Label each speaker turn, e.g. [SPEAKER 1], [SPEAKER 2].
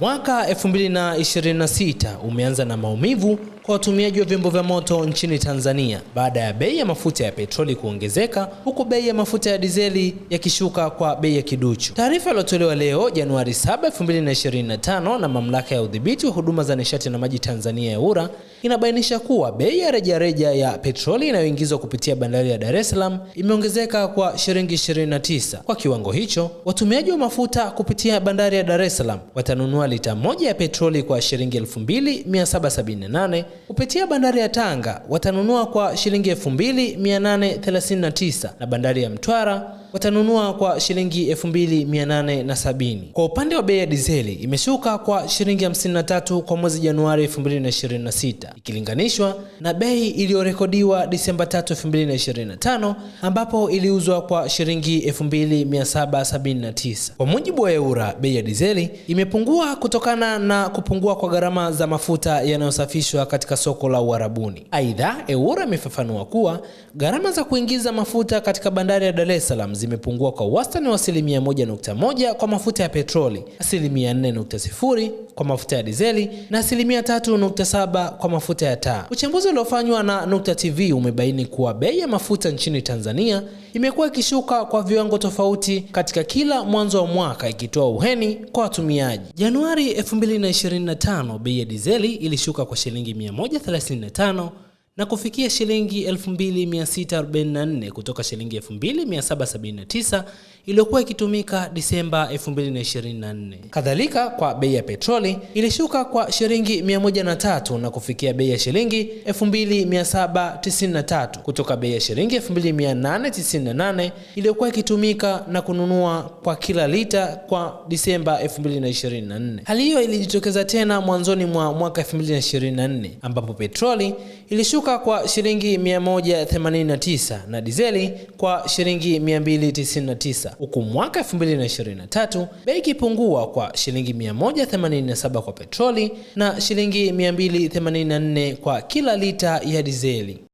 [SPEAKER 1] Mwaka 2026 umeanza na maumivu kwa watumiaji wa vyombo vya moto nchini Tanzania baada ya bei ya mafuta ya petroli kuongezeka huku bei ya mafuta ya dizeli yakishuka kwa bei ya kiduchu. Taarifa iliyotolewa leo Januari 7, 2025 na Mamlaka ya Udhibiti wa Huduma za Nishati na Maji Tanzania EWURA inabainisha kuwa bei ya rejareja ya petroli inayoingizwa kupitia bandari ya Dar es Salaam imeongezeka kwa shilingi 29. Kwa kiwango hicho, watumiaji wa mafuta kupitia bandari ya Dar es Salaam watanunua lita moja ya petroli kwa shilingi 2778, kupitia bandari ya Tanga watanunua kwa shilingi 2839 na bandari ya Mtwara watanunua kwa shilingi 2870. Kwa upande wa bei ya dizeli imeshuka kwa shilingi 53 kwa mwezi Januari 2026 ikilinganishwa na bei iliyorekodiwa Disemba 3, 2025 ambapo iliuzwa kwa shilingi 2779. Kwa mujibu wa eura bei ya dizeli imepungua kutokana na kupungua kwa gharama za mafuta yanayosafishwa katika soko la Uarabuni. Aidha, eura imefafanua kuwa gharama za kuingiza mafuta katika bandari ya Dar es Salaam zimepungua kwa wastani wa asilimia 1.1 kwa mafuta ya petroli, asilimia 4.0 kwa mafuta ya dizeli na asilimia 3.7 kwa mafuta ya taa. Uchambuzi uliofanywa na Nukta TV umebaini kuwa bei ya mafuta nchini Tanzania imekuwa ikishuka kwa viwango tofauti katika kila mwanzo wa mwaka ikitoa uheni kwa watumiaji. Januari 2025 bei ya dizeli ilishuka kwa shilingi 135 na kufikia shilingi 2644 kutoka shilingi 2779 iliyokuwa ikitumika Disemba 2024. Kadhalika, kwa bei ya petroli ilishuka kwa shilingi 103 na kufikia bei ya shilingi 2793 kutoka bei ya shilingi 2898 iliyokuwa ikitumika na kununua kwa kila lita kwa Disemba 2024. Hali hiyo ilijitokeza tena mwanzoni mwa mwaka 2024 ambapo petroli ilishuka imeshuka kwa shilingi 189 na dizeli kwa shilingi 299, huku mwaka 2023 bei ikipungua kwa shilingi 187 kwa petroli na shilingi 284 kwa kila lita ya dizeli.